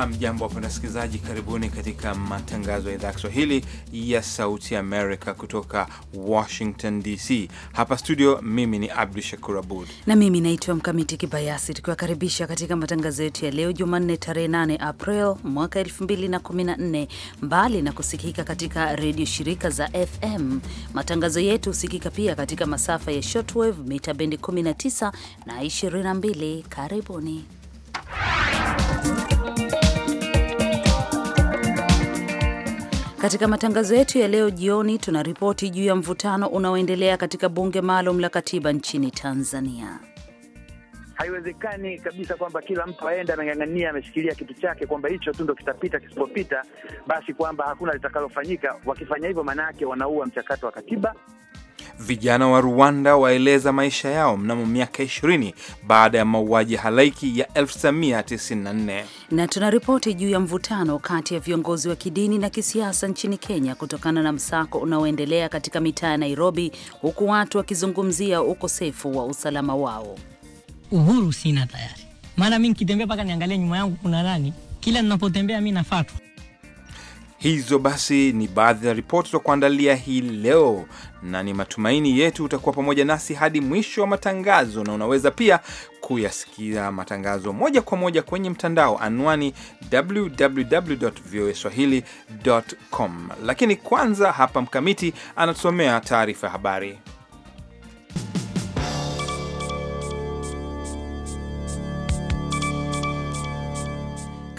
Hamjambo wapenda wasikilizaji, karibuni katika matangazo ya idhaa ya Kiswahili ya Sauti Amerika kutoka Washington DC. Hapa studio, mimi ni Abdu Shakur Abud na mimi naitwa Mkamiti Kibayasi, tukiwakaribisha katika matangazo yetu ya leo Jumanne tarehe 8 April mwaka 2014. Mbali na kusikika katika redio shirika za FM, matangazo yetu husikika pia katika masafa ya shortwave mita bendi 19 na 22. Karibuni. Katika matangazo yetu ya leo jioni, tuna ripoti juu ya mvutano unaoendelea katika bunge maalum la katiba nchini Tanzania. Haiwezekani kabisa kwamba kila mtu aende ameng'ang'ania, ameshikilia kitu chake kwamba hicho tu ndo kitapita, kisipopita basi kwamba hakuna litakalofanyika. Wakifanya hivyo, maana yake wanaua mchakato wa katiba. Vijana wa Rwanda waeleza maisha yao mnamo miaka 20 baada ya mauaji halaiki ya 1994. Na tuna ripoti juu ya mvutano kati ya viongozi wa kidini na kisiasa nchini Kenya kutokana na msako unaoendelea katika mitaa ya Nairobi, huku watu wakizungumzia ukosefu wa usalama wao. Uhuru sina tayari, maana mi nikitembea mpaka niangalie nyuma yangu kuna nani, kila ninapotembea mi nafatwa Hizo basi ni baadhi ya ripoti za kuandalia hii leo, na ni matumaini yetu utakuwa pamoja nasi hadi mwisho wa matangazo, na unaweza pia kuyasikia matangazo moja kwa moja kwenye mtandao, anwani www.voaswahili.com. Lakini kwanza hapa Mkamiti anatusomea taarifa ya habari.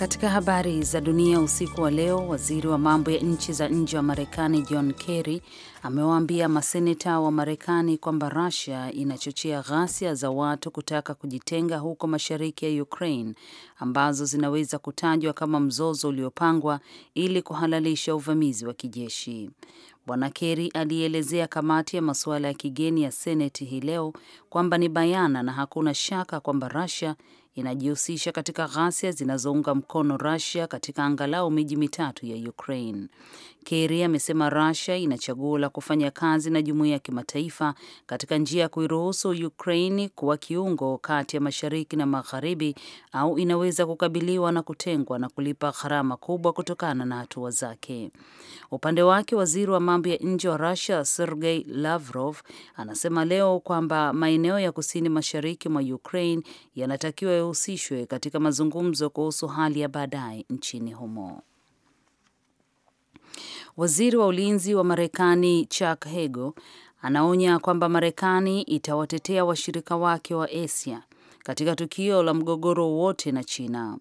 Katika habari za dunia usiku wa leo, waziri wa mambo ya nchi za nje wa Marekani John Kerry amewaambia maseneta wa Marekani kwamba Russia inachochea ghasia za watu kutaka kujitenga huko mashariki ya Ukraine ambazo zinaweza kutajwa kama mzozo uliopangwa ili kuhalalisha uvamizi wa kijeshi. Bwana Kerry alielezea kamati ya masuala ya kigeni ya Seneti hii leo kwamba ni bayana na hakuna shaka kwamba Russia inajihusisha katika ghasia zinazounga mkono Russia katika angalau miji mitatu ya Ukraine. Kerry amesema Russia ina chaguo la kufanya kazi na jumuiya ya kimataifa katika njia ya kuiruhusu Ukraine kuwa kiungo kati ya mashariki na magharibi, au inaweza kukabiliwa na kutengwa na kulipa gharama kubwa kutokana na hatua zake. Upande wake, waziri wa mambo ya nje wa Russia Sergei Lavrov anasema leo kwamba maeneo ya kusini mashariki mwa Ukraine yanatakiwa yahusishwe katika mazungumzo kuhusu hali ya baadaye nchini humo. Waziri wa ulinzi wa Marekani Chuck Hagel anaonya kwamba Marekani itawatetea washirika wake wa Asia katika tukio la mgogoro wote na China.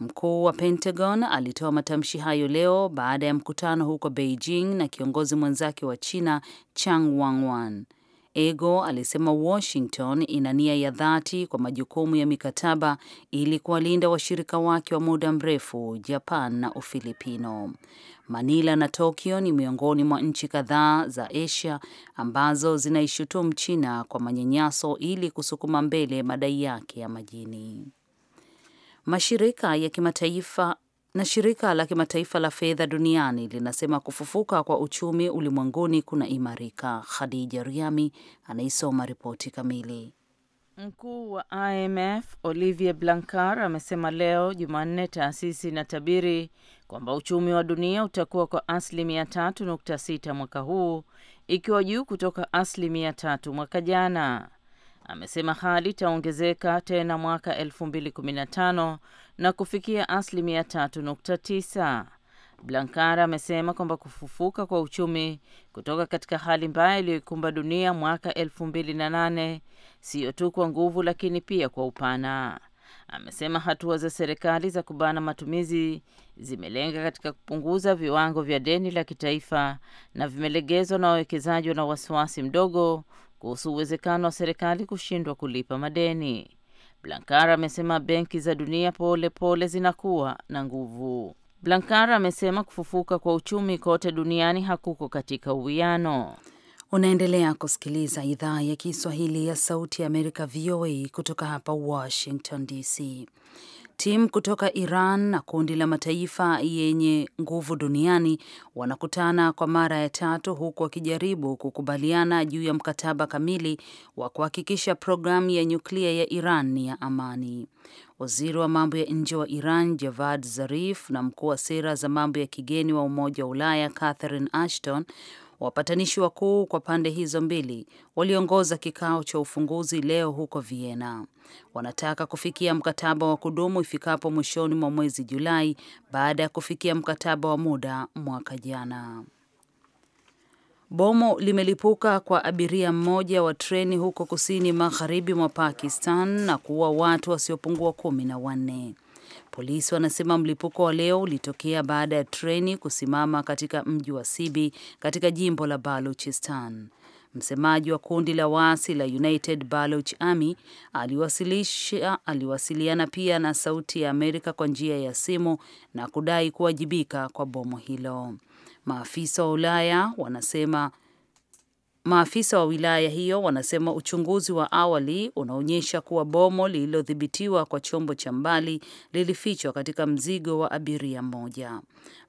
Mkuu wa Pentagon alitoa matamshi hayo leo baada ya mkutano huko Beijing na kiongozi mwenzake wa China Chang wangwan wan Ego alisema Washington ina nia ya dhati kwa majukumu ya mikataba ili kuwalinda washirika wake wa muda mrefu Japan na Ufilipino. Manila na Tokyo ni miongoni mwa nchi kadhaa za Asia ambazo zinaishutumu China kwa manyanyaso ili kusukuma mbele madai yake ya majini. Mashirika ya kimataifa na shirika la kimataifa la fedha duniani linasema kufufuka kwa uchumi ulimwenguni kunaimarika. Khadija Riami anaisoma ripoti kamili. Mkuu wa IMF Olivier Blanchard amesema leo Jumanne taasisi inatabiri kwamba uchumi wa dunia utakuwa kwa asilimia 3.6 mwaka huu, ikiwa juu kutoka asilimia 3 mwaka jana. Amesema hali itaongezeka tena mwaka tano na kufikia asilimia 3.9. Blankara amesema kwamba kufufuka kwa uchumi kutoka katika hali mbaya iliyoikumba dunia mwaka nane siyo tu kwa nguvu, lakini pia kwa upana. Amesema hatua za serikali za kubana matumizi zimelenga katika kupunguza viwango vya deni la kitaifa na vimelegezwa na wawekezaji wana wasiwasi mdogo kuhusu uwezekano wa serikali kushindwa kulipa madeni. Blankar amesema benki za dunia pole pole zinakuwa na nguvu. Blankar amesema kufufuka kwa uchumi kote duniani hakuko katika uwiano. Unaendelea kusikiliza idhaa ya Kiswahili ya Sauti ya Amerika, VOA, kutoka hapa Washington DC. Timu kutoka Iran na kundi la mataifa yenye nguvu duniani wanakutana kwa mara ya tatu huku wakijaribu kukubaliana juu ya mkataba kamili wa kuhakikisha programu ya nyuklia ya Iran ni ya amani. Waziri wa mambo ya nje wa Iran Javad Zarif na mkuu wa sera za mambo ya kigeni wa Umoja wa Ulaya Catherine Ashton Wapatanishi wakuu kwa pande hizo mbili waliongoza kikao cha ufunguzi leo huko Vienna. Wanataka kufikia mkataba wa kudumu ifikapo mwishoni mwa mwezi Julai baada ya kufikia mkataba wa muda mwaka jana. Bomu limelipuka kwa abiria mmoja wa treni huko kusini magharibi mwa Pakistan na kuua watu wasiopungua kumi na wanne. Polisi wanasema mlipuko wa leo ulitokea baada ya treni kusimama katika mji wa Sibi katika jimbo la Baluchistan. Msemaji wa kundi la waasi la United Baloch Army aliwasilisha aliwasiliana pia na Sauti ya Amerika kwa njia ya simu na kudai kuwajibika kwa bomu hilo. Maafisa wa Ulaya wanasema Maafisa wa wilaya hiyo wanasema uchunguzi wa awali unaonyesha kuwa bomo lililodhibitiwa kwa chombo cha mbali lilifichwa katika mzigo wa abiria mmoja.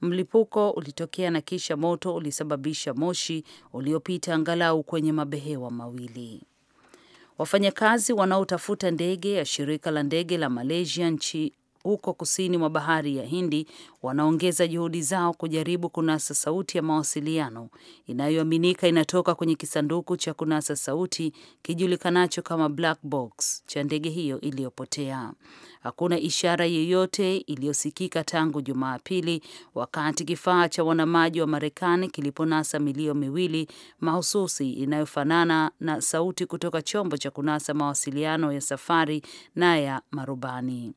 Mlipuko ulitokea na kisha moto ulisababisha moshi uliopita angalau kwenye mabehewa mawili. Wafanyakazi wanaotafuta ndege ya shirika la ndege la Malaysia nchi huko kusini mwa bahari ya Hindi wanaongeza juhudi zao kujaribu kunasa sauti ya mawasiliano inayoaminika inatoka kwenye kisanduku cha kunasa sauti kijulikanacho kama black box cha ndege hiyo iliyopotea. Hakuna ishara yeyote iliyosikika tangu Jumapili wakati kifaa cha wanamaji wa Marekani kiliponasa milio miwili mahususi inayofanana na sauti kutoka chombo cha kunasa mawasiliano ya safari na ya marubani.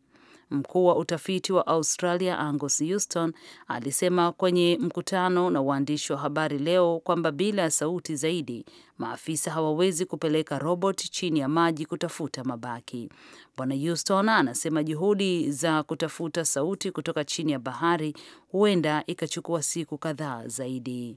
Mkuu wa utafiti wa Australia Angus Houston alisema kwenye mkutano na waandishi wa habari leo kwamba bila ya sauti zaidi, maafisa hawawezi kupeleka robot chini ya maji kutafuta mabaki. Bwana Houston anasema juhudi za kutafuta sauti kutoka chini ya bahari huenda ikachukua siku kadhaa zaidi.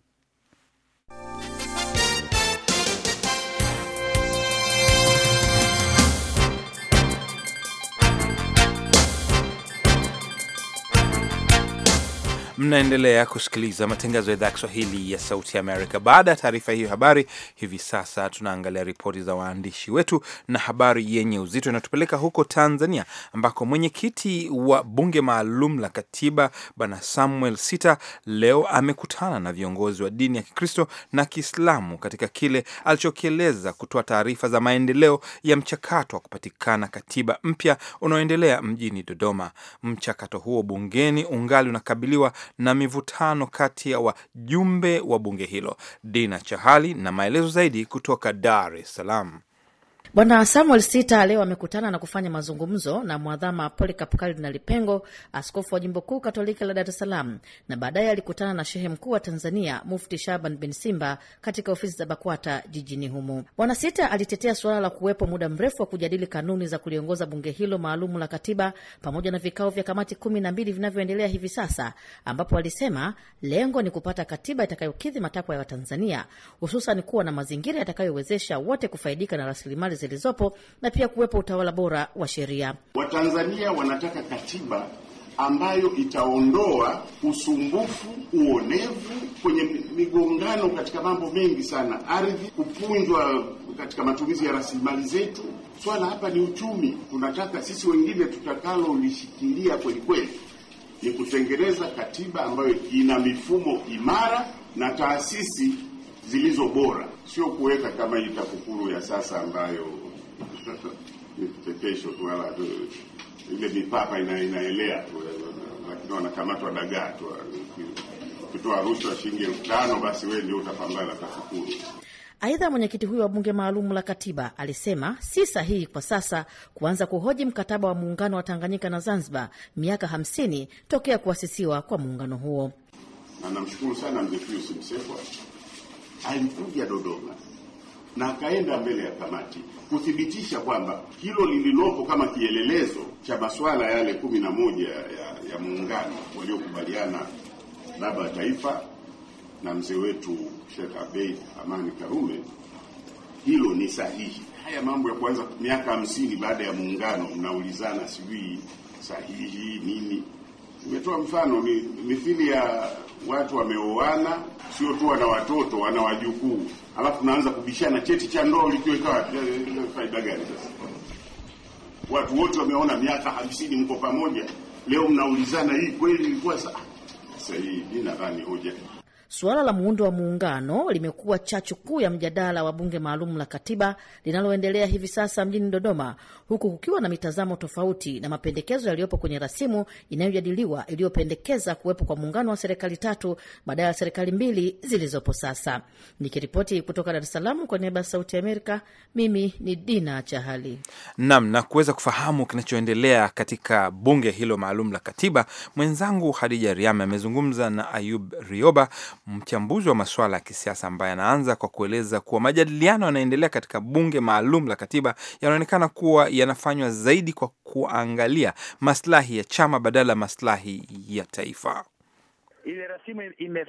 Mnaendelea kusikiliza matangazo ya idhaa ya Kiswahili ya Sauti Amerika. Baada ya taarifa hiyo habari, hivi sasa tunaangalia ripoti za waandishi wetu, na habari yenye uzito inatupeleka huko Tanzania, ambako mwenyekiti wa bunge maalum la katiba Bwana Samuel Sita leo amekutana na viongozi wa dini ya Kikristo na Kiislamu katika kile alichokieleza kutoa taarifa za maendeleo ya mchakato wa kupatikana katiba mpya unaoendelea mjini Dodoma. Mchakato huo bungeni ungali unakabiliwa na mivutano kati ya wajumbe wa bunge hilo. Dina Chahali na maelezo zaidi kutoka Dar es Salaam. Bwana Samuel Sita leo amekutana na kufanya mazungumzo na mwadhama Polycarp na lipengo askofu wa jimbo kuu katoliki la Dar es Salaam, na baadaye alikutana na shehe mkuu wa Tanzania Mufti Shaban bin Simba katika ofisi za BAKWATA jijini humo. Bwana Sita alitetea suala la kuwepo muda mrefu wa kujadili kanuni za kuliongoza bunge hilo maalumu la katiba pamoja na vikao vya kamati kumi na mbili vinavyoendelea hivi sasa, ambapo alisema lengo ni kupata katiba itakayokidhi matakwa ya Watanzania, hususan kuwa na mazingira yatakayowezesha wote kufaidika na rasilimali zilizopo na pia kuwepo utawala bora wa sheria. Watanzania wanataka katiba ambayo itaondoa usumbufu, uonevu kwenye migongano katika mambo mengi sana, ardhi kupunjwa katika matumizi ya rasilimali zetu. Swala hapa ni uchumi. Tunataka sisi wengine tutakalolishikilia kweli kweli ni kutengeneza katiba ambayo ina mifumo imara na taasisi zilizo bora, sio kuweka kama hii TAKUKURU ya sasa ambayo ni kichekesho tu, wala eh, ile mipapa ina, inaelea tu, eh, lakini wanakamatwa dagaa tu. Eh, ukitoa rushwa shilingi elfu tano basi wewe ndio utapambana na TAKUKURU. Aidha, mwenyekiti huyo wa bunge maalum la katiba alisema si sahihi kwa sasa kuanza kuhoji mkataba wa muungano wa Tanganyika na Zanzibar miaka 50 tokea kuasisiwa kwa muungano huo, na namshukuru sana mzee Pius Msekwa alikuja Dodoma na akaenda mbele ya kamati kuthibitisha kwamba hilo lililopo kama kielelezo cha masuala yale kumi na moja ya, ya muungano waliokubaliana baba taifa na mzee wetu Sheikh Abeid Amani Karume, hilo ni sahihi. Haya mambo ya kuanza miaka hamsini baada ya muungano mnaulizana sijui sahihi nini? Nimetoa mfano mithili ya watu wameoana, sio tu wana watoto, wana wajukuu, alafu tunaanza kubishana cheti cha ndoa likiweka, eh, eh, faida gani sasa? Watu wote wameona miaka hamsini mko pamoja, leo mnaulizana hii kweli ilikuwa sahihi. Nadhani hoja Suala la muundo wa muungano limekuwa chachu kuu ya mjadala wa bunge maalum la katiba linaloendelea hivi sasa mjini Dodoma, huku kukiwa na mitazamo tofauti na mapendekezo yaliyopo kwenye rasimu inayojadiliwa iliyopendekeza kuwepo kwa muungano wa serikali tatu badala ya serikali mbili zilizopo sasa. Nikiripoti kutoka Dar es Salaam kwa niaba ya Sauti ya Amerika, mimi ni Dina Chahali. Naam, na kuweza kufahamu kinachoendelea katika bunge hilo maalum la katiba, mwenzangu Hadija Riame amezungumza na Ayub Rioba, mchambuzi wa masuala ya kisiasa ambaye anaanza kwa kueleza kuwa majadiliano yanaendelea katika bunge maalum la katiba yanaonekana kuwa yanafanywa zaidi kwa kuangalia maslahi ya chama badala ya maslahi ya taifa. Ile rasimu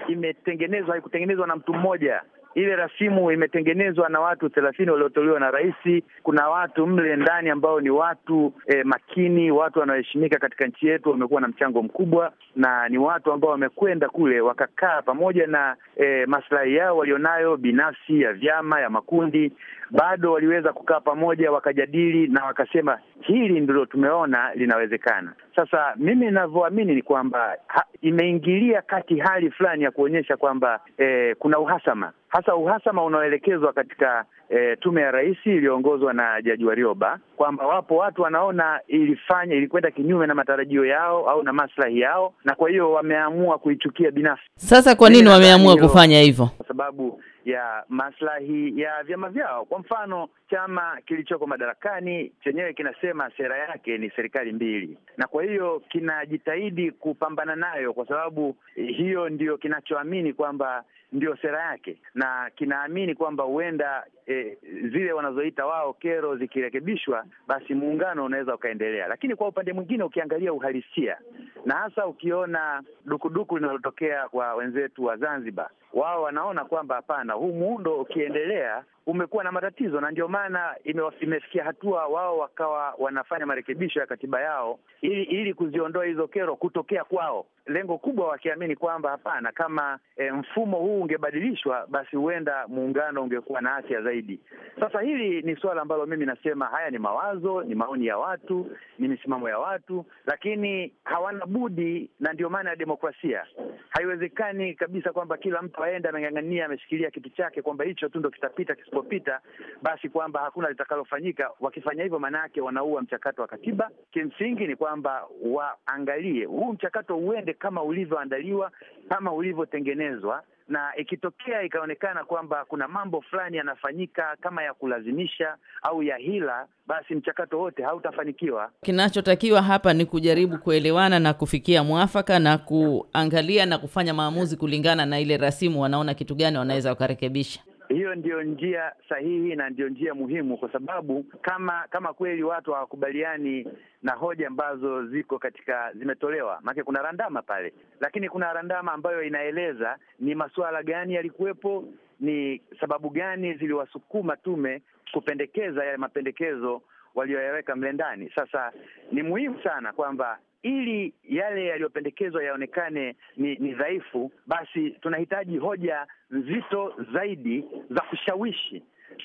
imetengenezwa ime haikutengenezwa na mtu mmoja ile rasimu imetengenezwa na watu thelathini walioteuliwa na rais. Kuna watu mle ndani ambao ni watu eh, makini, watu wanaoheshimika katika nchi yetu, wamekuwa na mchango mkubwa na ni watu ambao wamekwenda kule wakakaa pamoja na eh, maslahi yao walionayo binafsi, ya vyama, ya makundi, bado waliweza kukaa pamoja wakajadili na wakasema hili ndilo tumeona linawezekana. Sasa mimi ninavyoamini ni kwamba imeingilia kati hali fulani ya kuonyesha kwamba eh, kuna uhasama, hasa uhasama unaoelekezwa katika eh, tume ya rais iliyoongozwa na Jaji Warioba, kwamba wapo watu wanaona ilifanya ilikwenda kinyume na matarajio yao au na maslahi yao, na kwa hiyo wameamua kuichukia binafsi. Sasa kwa nini wameamua kufanya hivyo? Kwa sababu ya maslahi ya vyama vyao. Kwa mfano, chama kilichoko madarakani chenyewe kinasema sera yake ni serikali mbili, na kwa hiyo kinajitahidi kupambana nayo, kwa sababu eh, hiyo ndiyo kinachoamini kwamba ndio sera yake, na kinaamini kwamba huenda e, zile wanazoita wao kero zikirekebishwa, basi muungano unaweza ukaendelea. Lakini kwa upande mwingine, ukiangalia uhalisia na hasa ukiona dukuduku linalotokea kwa wenzetu wa Zanzibar wao wanaona kwamba hapana, huu muundo ukiendelea umekuwa na matatizo, na ndio maana imefikia hatua wao wakawa wanafanya marekebisho ya katiba yao ili, ili kuziondoa hizo kero kutokea kwao, lengo kubwa wakiamini kwamba hapana, kama e, mfumo huu ungebadilishwa, basi huenda muungano ungekuwa na afya zaidi. Sasa hili ni suala ambalo mimi nasema haya ni mawazo, ni maoni ya watu, ni misimamo ya watu, lakini hawana budi, na ndio maana ya demokrasia. Haiwezekani kabisa kwamba kila mtu aende ameng'ang'ania, ameshikilia kitu chake kwamba hicho tu ndo kitapita usipopita, basi kwamba hakuna litakalofanyika. Wakifanya hivyo, maana yake wanaua mchakato wa katiba. Kimsingi ni kwamba waangalie huu mchakato uende kama ulivyoandaliwa, kama ulivyotengenezwa na ikitokea ikaonekana kwamba kuna mambo fulani yanafanyika kama ya kulazimisha au ya hila, basi mchakato wote hautafanikiwa. Kinachotakiwa hapa ni kujaribu kuelewana na kufikia mwafaka na kuangalia na kufanya maamuzi kulingana na ile rasimu, wanaona kitu gani wanaweza wakarekebisha. Hiyo ndiyo njia sahihi na ndiyo njia muhimu, kwa sababu kama kama kweli watu hawakubaliani na hoja ambazo ziko katika zimetolewa, maanake kuna randama pale, lakini kuna randama ambayo inaeleza ni masuala gani yalikuwepo, ni sababu gani ziliwasukuma tume kupendekeza yale mapendekezo walioyaweka mle ndani. Sasa ni muhimu sana kwamba ili yale yaliyopendekezwa yaonekane ni, ni dhaifu, basi tunahitaji hoja nzito zaidi za kushawishi,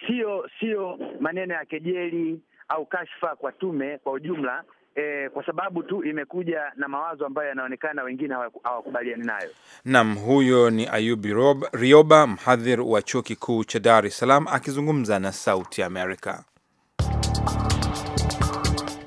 sio sio maneno ya kejeli au kashfa kwa tume kwa ujumla. E, kwa sababu tu imekuja na mawazo ambayo yanaonekana wengine hawakubaliani nayo. Naam, huyo ni Ayubi Rob, Rioba mhadhiri wa Chuo Kikuu cha Dar es Salaam akizungumza na Sauti Amerika.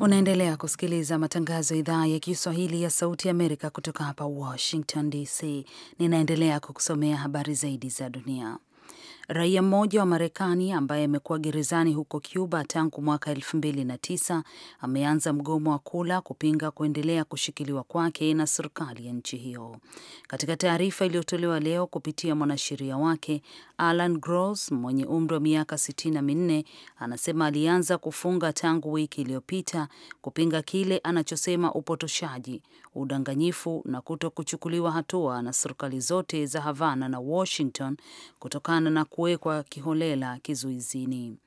Unaendelea kusikiliza matangazo ya idhaa ya Kiswahili ya Sauti ya Amerika kutoka hapa Washington DC. Ninaendelea kukusomea habari zaidi za dunia. Raia mmoja wa Marekani ambaye amekuwa gerezani huko Cuba tangu mwaka elfu mbili na tisa ameanza mgomo wa kula kupinga kuendelea kushikiliwa kwake na serikali ya nchi hiyo. Katika taarifa iliyotolewa leo kupitia mwanasheria wake Alan Gross mwenye umri wa miaka sitini na minne anasema alianza kufunga tangu wiki iliyopita kupinga kile anachosema upotoshaji, udanganyifu na kuto kuchukuliwa hatua na serikali zote za Havana na Washington kutokana na kuwekwa kiholela kizuizini.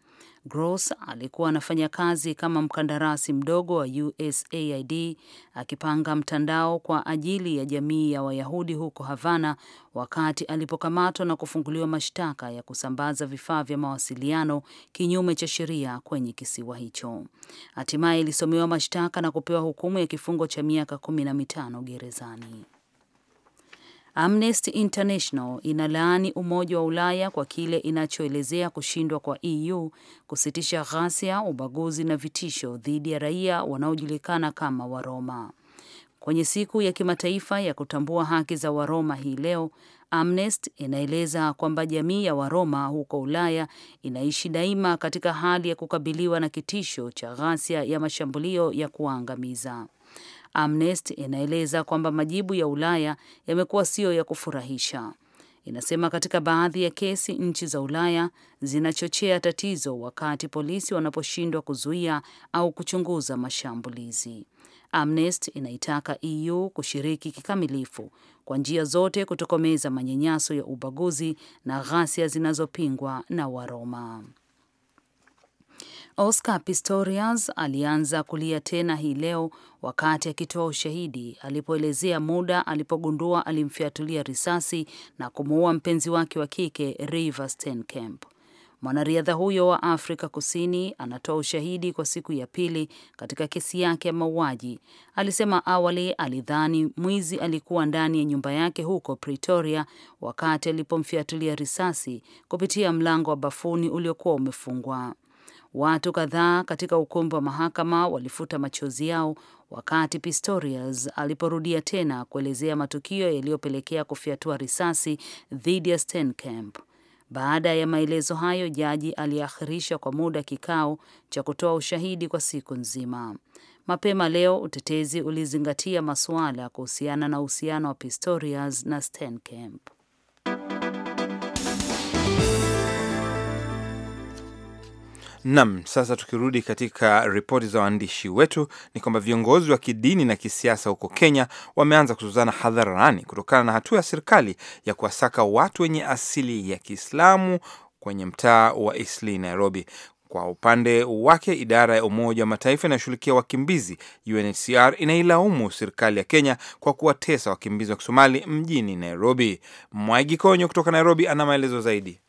Gross alikuwa anafanya kazi kama mkandarasi mdogo wa USAID akipanga mtandao kwa ajili ya jamii ya Wayahudi huko Havana wakati alipokamatwa na kufunguliwa mashtaka ya kusambaza vifaa vya mawasiliano kinyume cha sheria kwenye kisiwa hicho. Hatimaye ilisomewa mashtaka na kupewa hukumu ya kifungo cha miaka kumi na mitano gerezani. Amnesty International inalaani Umoja wa Ulaya kwa kile inachoelezea kushindwa kwa EU kusitisha ghasia, ubaguzi na vitisho dhidi ya raia wanaojulikana kama Waroma. Kwenye siku ya kimataifa ya kutambua haki za Waroma hii leo, Amnesty inaeleza kwamba jamii ya Waroma huko Ulaya inaishi daima katika hali ya kukabiliwa na kitisho cha ghasia ya mashambulio ya kuangamiza. Amnesty inaeleza kwamba majibu ya Ulaya yamekuwa sio ya kufurahisha. Inasema katika baadhi ya kesi nchi za Ulaya zinachochea tatizo wakati polisi wanaposhindwa kuzuia au kuchunguza mashambulizi. Amnesty inaitaka EU kushiriki kikamilifu kwa njia zote kutokomeza manyanyaso ya ubaguzi na ghasia zinazopingwa na Waroma. Oscar Pistorius alianza kulia tena hii leo wakati akitoa ushahidi alipoelezea muda alipogundua alimfyatulia risasi na kumuua mpenzi wake wa kike Reeva Steenkamp. Mwanariadha huyo wa Afrika Kusini anatoa ushahidi kwa siku ya pili katika kesi yake ya mauaji. Alisema awali alidhani mwizi alikuwa ndani ya nyumba yake huko Pretoria wakati alipomfiatulia risasi kupitia mlango wa bafuni uliokuwa umefungwa. Watu kadhaa katika ukumbi wa mahakama walifuta machozi yao wakati Pistorius aliporudia tena kuelezea matukio yaliyopelekea kufyatua risasi dhidi ya Steenkamp. Baada ya maelezo hayo, jaji aliakhirisha kwa muda kikao cha kutoa ushahidi kwa siku nzima. Mapema leo utetezi ulizingatia masuala kuhusiana na uhusiano wa Pistorius na Steenkamp. Nam, sasa tukirudi katika ripoti za waandishi wetu ni kwamba viongozi wa kidini na kisiasa huko Kenya wameanza kuzuzana hadharani kutokana na hatua ya serikali ya kuwasaka watu wenye asili ya Kiislamu kwenye mtaa wa Eastleigh, Nairobi. Kwa upande wake idara ya Umoja wa Mataifa inayoshughulikia wakimbizi UNHCR inailaumu serikali ya Kenya kwa kuwatesa wakimbizi wa Kisomali mjini Nairobi. Mwaigikonyo kutoka Nairobi ana maelezo zaidi.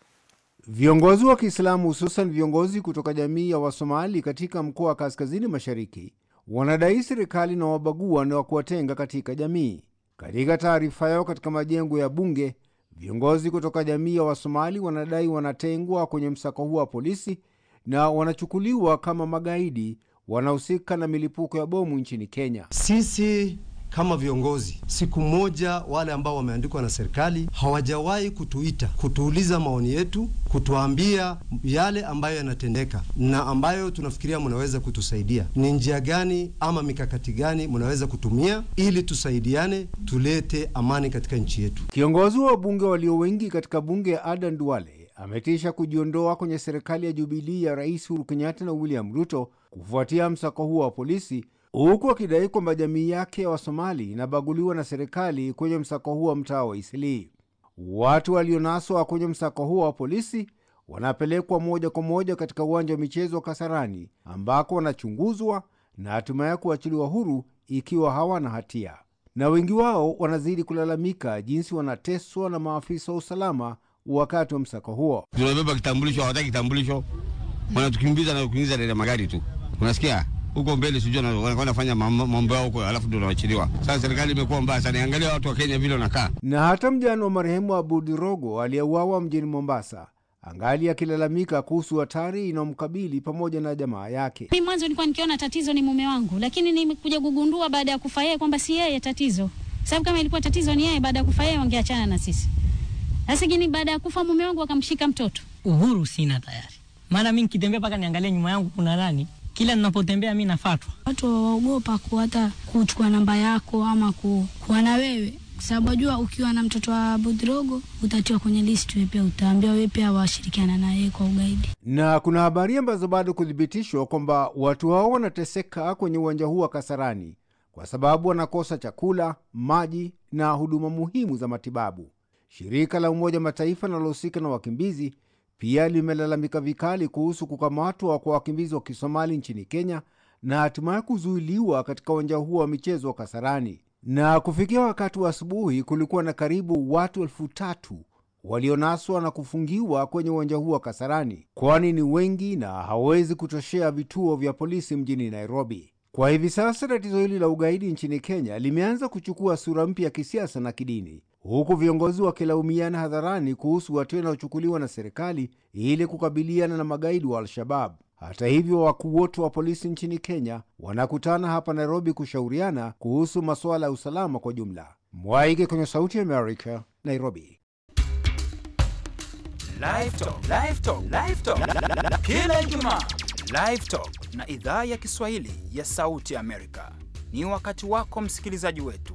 Viongozi wa Kiislamu hususan viongozi kutoka jamii ya Wasomali katika mkoa wa kaskazini mashariki wanadai serikali na wabagua na wa kuwatenga katika jamii. Katika taarifa yao katika majengo ya Bunge, viongozi kutoka jamii ya Wasomali wanadai wanatengwa kwenye msako huo wa polisi na wanachukuliwa kama magaidi wanahusika na milipuko ya bomu nchini Kenya. Sisi kama viongozi, siku moja wale ambao wameandikwa na serikali hawajawahi kutuita kutuuliza maoni yetu, kutuambia yale ambayo yanatendeka na ambayo tunafikiria mnaweza kutusaidia. Ni njia gani ama mikakati gani mnaweza kutumia ili tusaidiane, tulete amani katika nchi yetu? Kiongozi wa wabunge walio wengi katika bunge ya Adan Duale ametisha kujiondoa kwenye serikali ya Jubilii ya Rais Uhuru Kenyatta na William Ruto kufuatia msako huo wa polisi huku akidai kwamba jamii yake ya wa Wasomali inabaguliwa na serikali kwenye msako huo wa mtaa wa Isilii. Watu walionaswa kwenye msako huo wa polisi wanapelekwa moja kwa moja katika uwanja wa michezo wa Kasarani ambako wanachunguzwa na hatimaye kuachiliwa huru ikiwa hawana hatia, na wengi wao wanazidi kulalamika jinsi wanateswa na maafisa wa usalama wakati wa msako huo. Tunabeba kitambulisho, hawataki kitambulisho, wanatukimbiza na kuingiza ndani ya magari tu, unasikia huko mbele, sijui wanakuwa wanafanya mambo yao huko, alafu ndio wanachiliwa. Sasa serikali imekuwa mbaya sana, angalia watu wa Kenya vile wanakaa. Na hata mjane wa marehemu Abudi Rogo aliyeuawa mjini Mombasa angali akilalamika kuhusu hatari inayomkabili pamoja na jamaa yake. Mimi mwanzo nilikuwa nikiona tatizo ni mume wangu, lakini nimekuja kugundua baada ya kufa yeye kwamba si yeye tatizo, sababu kama ilikuwa tatizo ni yeye, baada ya kufa yeye wangeachana na sisi. Sasa gini, baada ya kufa mume wangu akamshika mtoto. Uhuru sina tayari, maana mimi nikitembea mpaka niangalie nyuma yangu kuna nani kila ninapotembea mi nafatwa. Watu waogopa hata kuchukua namba yako ama ku, kuwa na wewe sababu wajua ukiwa na mtoto wa Budrogo utatiwa kwenye list, wewe pia utaambia, wewe pia washirikiana na yeye kwa ugaidi. Na kuna habari ambazo bado kuthibitishwa kwamba watu hao wanateseka kwenye uwanja huu wa Kasarani kwa sababu wanakosa chakula, maji na huduma muhimu za matibabu. Shirika la Umoja Mataifa linalohusika na wakimbizi pia limelalamika vikali kuhusu kukamatwa kwa wakimbizi wa Kisomali nchini Kenya na hatimaye kuzuiliwa katika uwanja huo wa michezo wa Kasarani. Na kufikia wakati wa asubuhi, kulikuwa na karibu watu elfu tatu walionaswa na kufungiwa kwenye uwanja huo wa Kasarani, kwani ni wengi na hawawezi kutoshea vituo vya polisi mjini Nairobi. Kwa hivi sasa tatizo hili la ugaidi nchini Kenya limeanza kuchukua sura mpya ya kisiasa na kidini huku viongozi wakilaumiana hadharani kuhusu hatua inayochukuliwa na serikali ili kukabiliana na magaidi wa Al-Shabab. Hata hivyo, wakuu wote wa polisi nchini Kenya wanakutana hapa Nairobi kushauriana kuhusu masuala ya usalama kwa jumla. Mwaige kwenye Sauti ya Amerika, Nairobi. Kila Ijumaa Live Talk na idhaa ya Kiswahili ya Sauti Amerika ni wakati wako msikilizaji wetu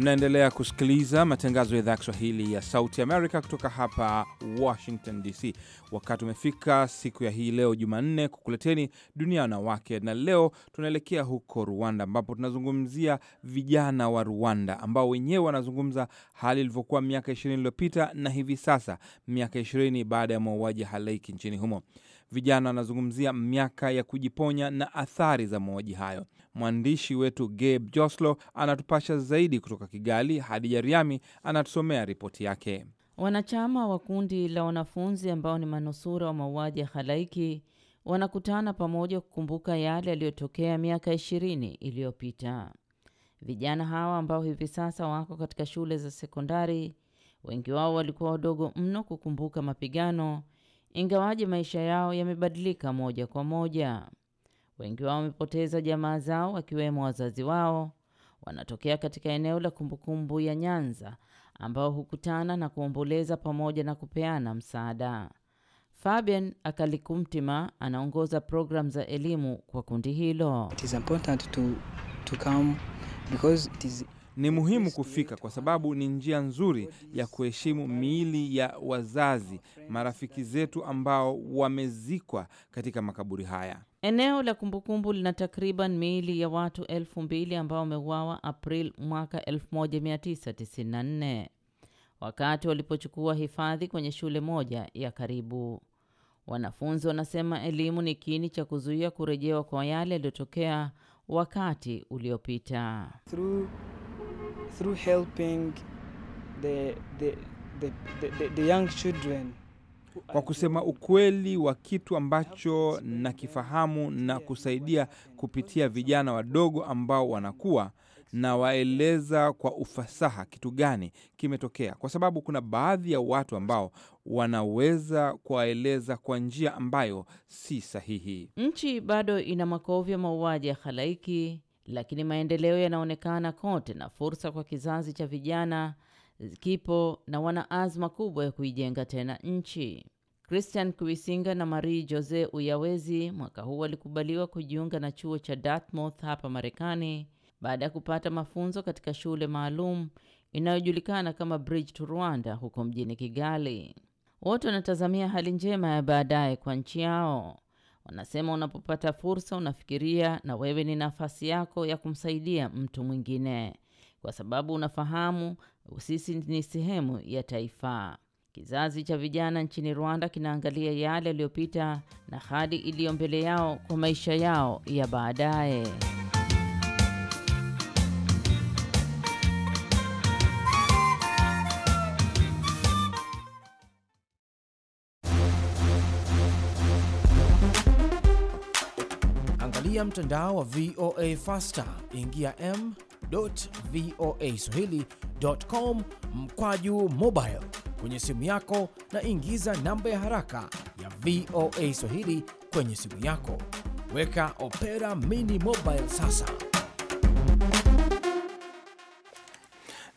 Mnaendelea kusikiliza matangazo ya idhaa ya Kiswahili ya Sauti Amerika kutoka hapa Washington DC. Wakati umefika siku ya hii leo Jumanne kukuleteni dunia ya wanawake, na leo tunaelekea huko Rwanda ambapo tunazungumzia vijana wa Rwanda ambao wenyewe wanazungumza hali ilivyokuwa miaka ishirini iliyopita na hivi sasa, miaka ishirini baada ya mauaji halaiki nchini humo. Vijana wanazungumzia miaka ya kujiponya na athari za mauaji hayo. Mwandishi wetu Gabe Joslo anatupasha zaidi kutoka Kigali. Hadija Riami anatusomea ripoti yake. Wanachama wa kundi la wanafunzi ambao ni manusura wa mauaji ya halaiki wanakutana pamoja kukumbuka yale yaliyotokea miaka ishirini iliyopita. Vijana hawa ambao hivi sasa wako katika shule za sekondari, wengi wao walikuwa wadogo mno kukumbuka mapigano, ingawaje maisha yao yamebadilika moja kwa moja. Wengi wao wamepoteza jamaa zao wakiwemo wazazi wao. Wanatokea katika eneo la kumbukumbu ya Nyanza ambao hukutana na kuomboleza pamoja na kupeana msaada. Fabian Akalikumtima anaongoza programu za elimu kwa kundi hilo. It is important to, to come because it is... Ni muhimu kufika kwa sababu ni njia nzuri ya kuheshimu miili ya wazazi, marafiki zetu ambao wamezikwa katika makaburi haya. Eneo la kumbukumbu lina takriban miili ya watu elfu mbili ambao wameuawa April mwaka 1994 wakati walipochukua hifadhi kwenye shule moja ya karibu. Wanafunzi wanasema elimu ni kiini cha kuzuia kurejewa kwa yale yaliyotokea wakati uliopita. through, through helping the, the, the, the, the young children kwa kusema ukweli wa kitu ambacho nakifahamu na kusaidia kupitia vijana wadogo ambao wanakuwa na waeleza kwa ufasaha kitu gani kimetokea, kwa sababu kuna baadhi ya watu ambao wanaweza kuwaeleza kwa njia ambayo si sahihi. Nchi bado ina makovu ya mauaji ya halaiki, lakini maendeleo yanaonekana kote na fursa kwa kizazi cha vijana kipo na wana azma kubwa ya kuijenga tena nchi. Christian Kuisinga na Marie Jose Uyawezi mwaka huu walikubaliwa kujiunga na chuo cha Dartmouth hapa Marekani baada ya kupata mafunzo katika shule maalum inayojulikana kama Bridge to Rwanda huko mjini Kigali. Wote wanatazamia hali njema ya baadaye kwa nchi yao. Wanasema unapopata fursa unafikiria na wewe ni nafasi yako ya kumsaidia mtu mwingine kwa sababu unafahamu sisi ni sehemu ya taifa. Kizazi cha vijana nchini Rwanda kinaangalia yale yaliyopita na hali iliyo mbele yao kwa maisha yao ya baadaye. Angalia mtandao wa VOA Faster, ingia m voa swahili.com mkwaju mobile kwenye simu yako na ingiza namba ya haraka ya VOA Swahili kwenye simu yako. Weka Opera Mini Mobile sasa.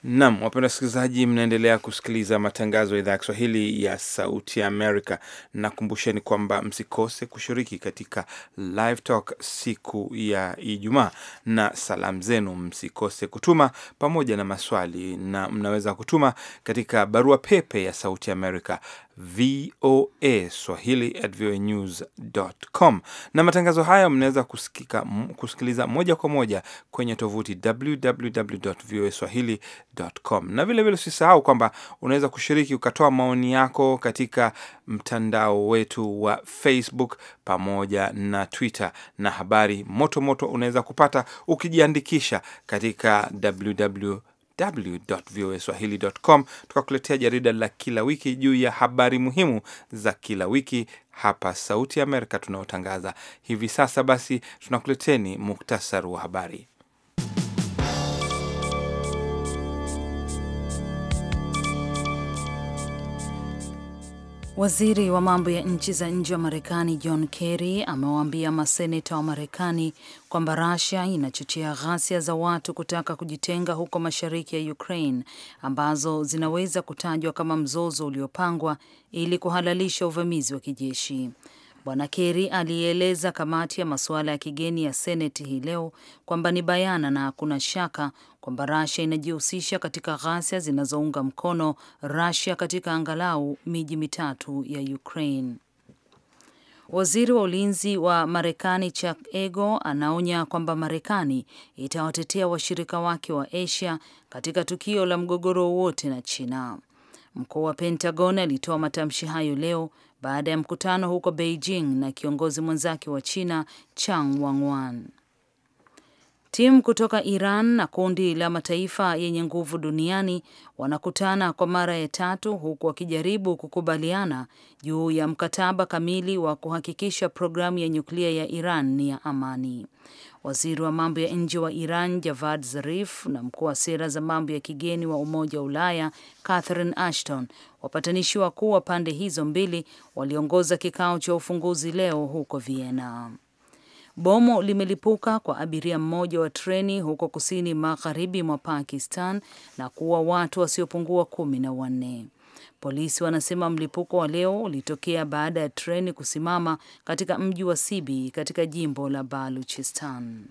Nam, wapenda wasikilizaji, mnaendelea kusikiliza matangazo ya idhaa ya Kiswahili ya Sauti ya Amerika. Nakumbusheni kwamba msikose kushiriki katika Live Talk siku ya Ijumaa, na salamu zenu msikose kutuma, pamoja na maswali, na mnaweza kutuma katika barua pepe ya Sauti Amerika VOA Swahili at voanews.com, na matangazo haya mnaweza kusikika, kusikiliza moja kwa moja kwenye tovuti voa www.voaswahili.com, na vilevile usisahau kwamba unaweza kushiriki ukatoa maoni yako katika mtandao wetu wa Facebook pamoja na Twitter, na habari moto moto unaweza kupata ukijiandikisha katika www www.voaswahili.com, tukakuletea jarida la kila wiki juu ya habari muhimu za kila wiki hapa Sauti ya Amerika tunaotangaza hivi sasa. Basi tunakuleteni muktasari wa habari. Waziri wa mambo ya nchi za nje wa Marekani John Kerry amewaambia maseneta wa Marekani kwamba Russia inachochea ghasia za watu kutaka kujitenga huko mashariki ya Ukraine ambazo zinaweza kutajwa kama mzozo uliopangwa ili kuhalalisha uvamizi wa kijeshi. Bwana Kerry alieleza kamati ya masuala ya kigeni ya Seneti hii leo kwamba ni bayana na hakuna shaka kwamba rasia inajihusisha katika ghasia zinazounga mkono rasia katika angalau miji mitatu ya Ukraine. Waziri wa ulinzi wa Marekani Chuck Ego anaonya kwamba Marekani itawatetea washirika wake wa Asia katika tukio la mgogoro wowote na China. Mkuu wa Pentagon alitoa matamshi hayo leo baada ya mkutano huko Beijing na kiongozi mwenzake wa China Chang Wangwan. Timu kutoka Iran na kundi la mataifa yenye nguvu duniani wanakutana kwa mara ya tatu huku wakijaribu kukubaliana juu ya mkataba kamili wa kuhakikisha programu ya nyuklia ya Iran ni ya amani. Waziri wa mambo ya nje wa Iran Javad Zarif na mkuu wa sera za mambo ya kigeni wa Umoja wa Ulaya Catherine Ashton, wapatanishi wakuu wa pande hizo mbili, waliongoza kikao cha ufunguzi leo huko Vienna. Bomu limelipuka kwa abiria mmoja wa treni huko kusini magharibi mwa Pakistan na kuua watu wasiopungua kumi na wanne. Polisi wanasema mlipuko wa leo ulitokea baada ya treni kusimama katika mji wa Sibi katika jimbo la Baluchistan.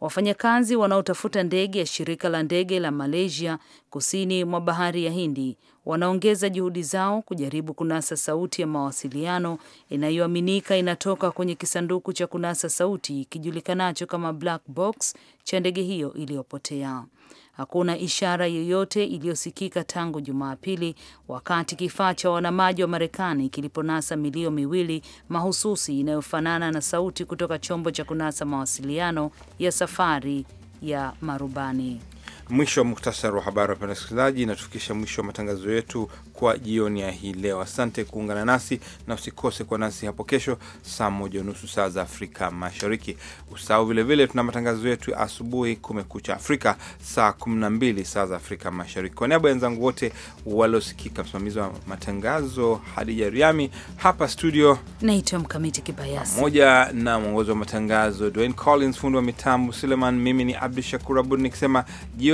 Wafanyakazi wanaotafuta ndege ya shirika la ndege la Malaysia kusini mwa bahari ya Hindi wanaongeza juhudi zao kujaribu kunasa sauti ya mawasiliano inayoaminika inatoka kwenye kisanduku cha kunasa sauti kijulikanacho kama black box cha ndege hiyo iliyopotea. Hakuna ishara yoyote iliyosikika tangu Jumapili wakati kifaa cha wanamaji wa Marekani kiliponasa milio miwili mahususi inayofanana na sauti kutoka chombo cha kunasa mawasiliano ya safari ya marubani. Mwisho wa muhtasari wa habari, wapenda wasikilizaji, inatufikisha mwisho wa matangazo yetu kwa jioni ya hii leo. Asante kuungana nasi na usikose kwa nasi hapo kesho saa moja unusu saa za Afrika Mashariki. Usahau vilevile, tuna matangazo yetu asubuhi, Kumekucha Afrika, saa kumi na mbili saa za Afrika Mashariki. Kwa niaba ya wenzangu wote waliosikika, msimamizi wa matangazo Hadija Riami, hapa studio naitwa Mkamiti Kibayasi, pamoja na mwongozi wa matangazo Dwayne Collins, fundi wa mitambo Suleiman, mimi ni Abdu Shakur Abud nikisema jio